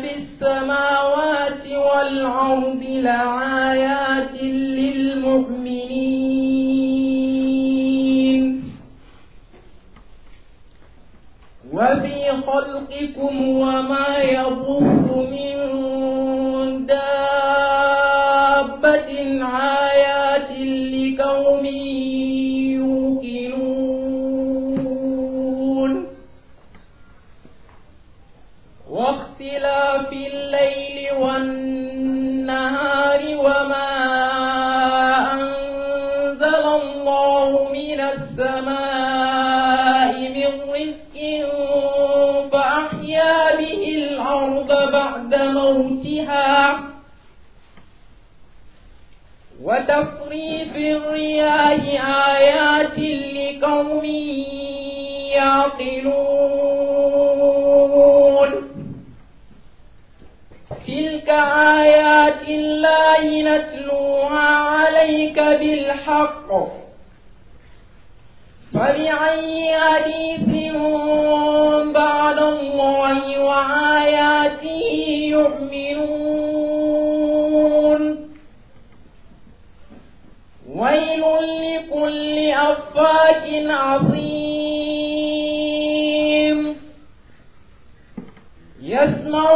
في السماوات والأرض لآيات للمؤمنين وفي خلقكم وما يضر السماء من رزق فأحيا به الأرض بعد موتها وتصريف الرياح آيات لقوم يعقلون تلك آيات الله نتلوها عليك بالحق فبأي حديث بعد الله وآياته يؤمنون ويل لكل أفاك عظيم يسمع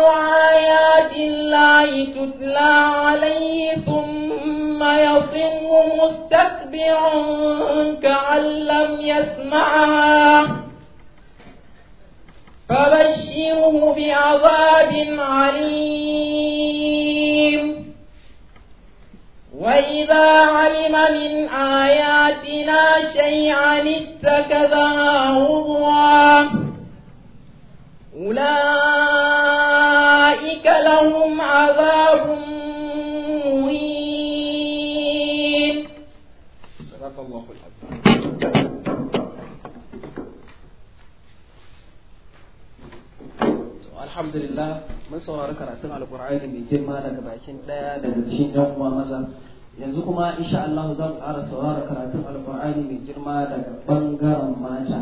آيات الله تتلى عليه ثم مستكبرا كأن لم يسمعها فبشره بعذاب عليم وإذا علم من آياتنا شيئا اتخذها هضوا أولئك لهم عذاب alhamdulillah mun saurari karatun alkur'ani mai girma daga bakin daya daga cikin yan uwa maza yanzu kuma insha Allah zan mu ƙara saurara karatun alkur'ani mai girma daga bangaren mata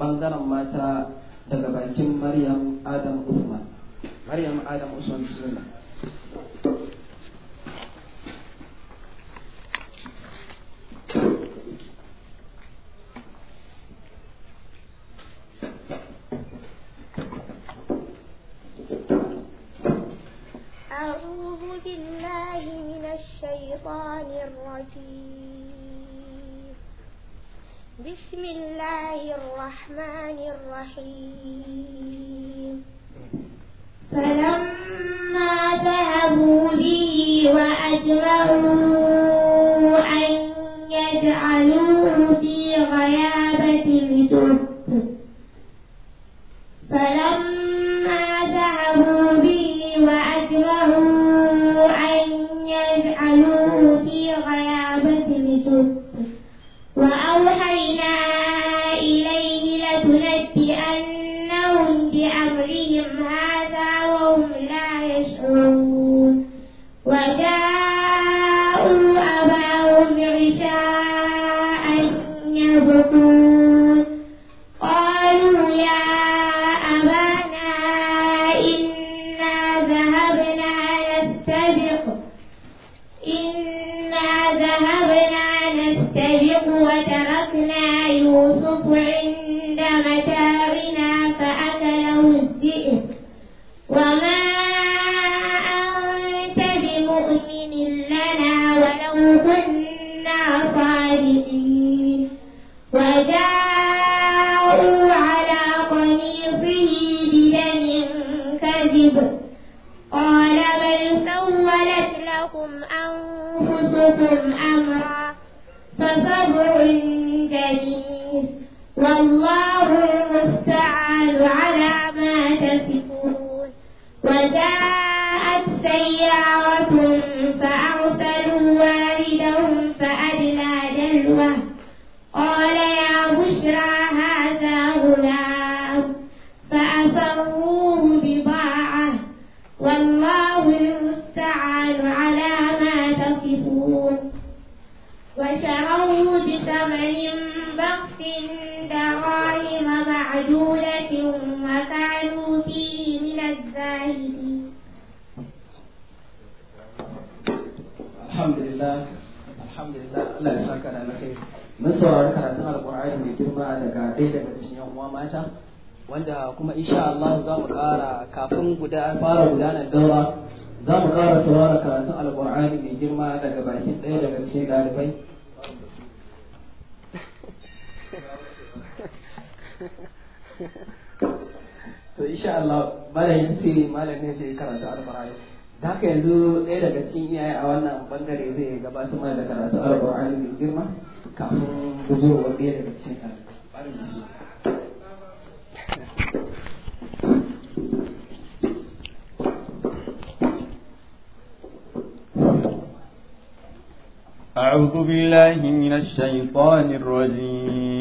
bangaren mata daga bakin Maryam Adam Usman Maryam Adam Usman أعوذ بالله من الشيطان الرجيم بسم الله الرحمن الرحيم فلما ذهبوا به وأجمعوا أن يجعلوا لكم أنفسكم أمرا فصبر جميل والله المستعان على ما تصفون وجاءت سيارة فأرسلوا والدهم فأدلى جلوه عند غائم معدودة وكانوا فيه من الزاهدين الحمد لله الحمد لله الله يسعدك على خير mun saurari karatun alkur'ani mai girma daga ɗaya daga cikin yan uwa mata wanda kuma insha Allah za mu ƙara kafin guda fara gudanar daura za mu ƙara saurari karatun alkur'ani mai girma daga bakin ɗaya daga cikin ɗalibai to insha Allah malamin sai malamin sai karatu alqur'ani da haka yanzu ɗaya daga cikin iyaye a wannan bangare zai gabata mana da karatu alqur'ani mai girma kafin gujewar ɗaya daga cikin alqur'ani أعوذ بالله من الشيطان الرجيم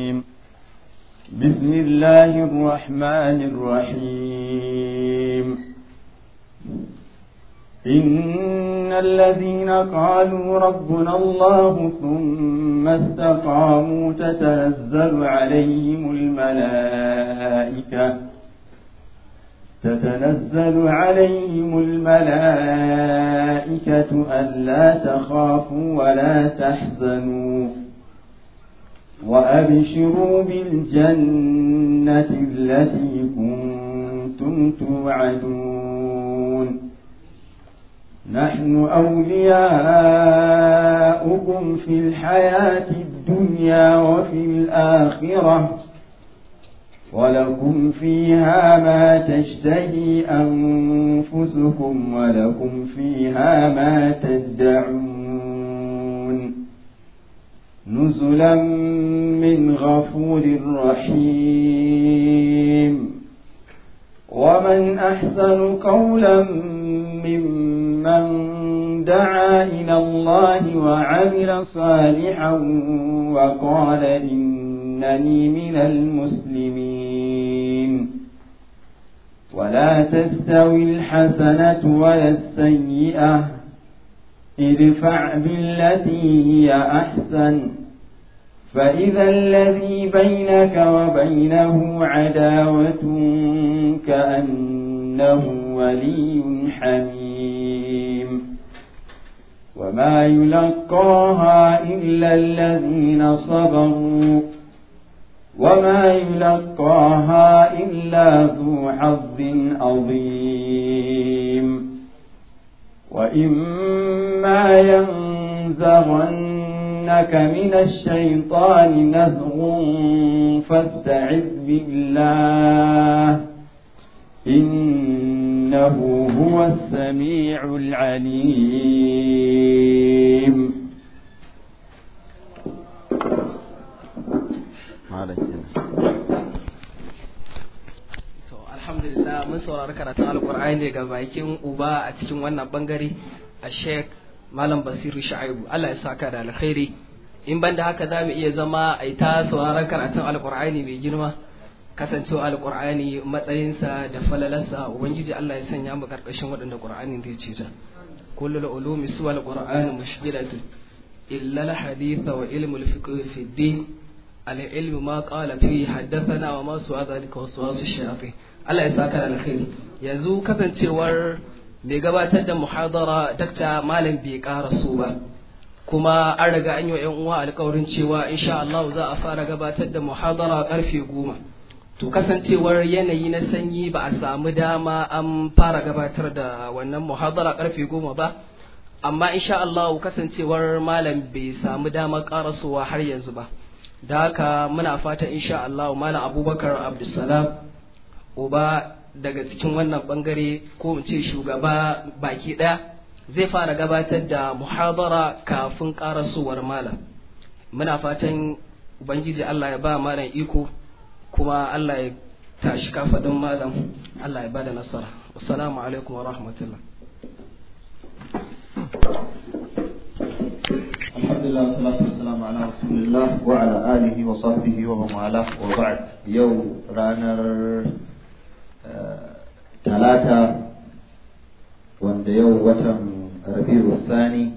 بسم الله الرحمن الرحيم إن الذين قالوا ربنا الله ثم استقاموا تتنزل عليهم الملائكة تتنزل عليهم الملائكة ألا تخافوا ولا تحزنوا وأبشروا بالجنة التي كنتم توعدون نحن أولياؤكم في الحياة الدنيا وفي الآخرة ولكم فيها ما تشتهي أنفسكم ولكم فيها ما تدعون نزلا من غفور رحيم ومن أحسن قولا ممن دعا إلى الله وعمل صالحا وقال إنني من المسلمين ولا تستوي الحسنة ولا السيئة ادفع بالتي هي أحسن فإذا الذي بينك وبينه عداوة كأنه ولي حميم وما يلقاها إلا الذين صبروا وما يلقاها إلا ذو حظ عظيم وإما ينزغن إنك من الشيطان نزغ فاستعذ بالله إنه هو السميع العليم alhamdulillah mun saurari karatun alkur'ani daga bakin uba a cikin wannan bangare a sheikh malam basiru sha'ibu Allah ya saka da alkhairi in banda haka za mu iya zama a yi ta sauraron karatun alkur'ani mai girma kasancewa alkur'ani matsayinsa da falalarsa ubangiji Allah ya sanya mu karkashin waɗanda qur'ani zai ce ta kullul ulumi suwal qur'ani mushkilatun illa al hadith wa ilmul fiqh fi din al ma qala fi haddathana wa ma su'a dhalika waswasu shayatin Allah ya saka da alkhairi yanzu kasancewar Bai gabatar da muhadara dakta malam bai so ba kuma an riga an yi wa 'yan uwa alkawarin cewa insha Allah za a fara gabatar da muhadara karfe goma to kasancewar yanayi na sanyi ba a samu dama an fara gabatar da wannan muhadara karfe goma ba amma insha Allah kasancewar malam bai samu dama karasowa har yanzu ba da haka muna fata insha Allah malam abubakar abdulsalam uba daga cikin wannan bangare ko in ce shugaba baki ɗaya zai fara gabatar da muhabara kafin karasowar malam muna fatan ubangiji Allah ya ba malam iko kuma Allah ya tashi kafadin malam Allah ya ba da nasara assalamu alaikum wa rahmatullah alhamdulillah wa wa wa yau ranar talata wanda yau watan rabi'u sani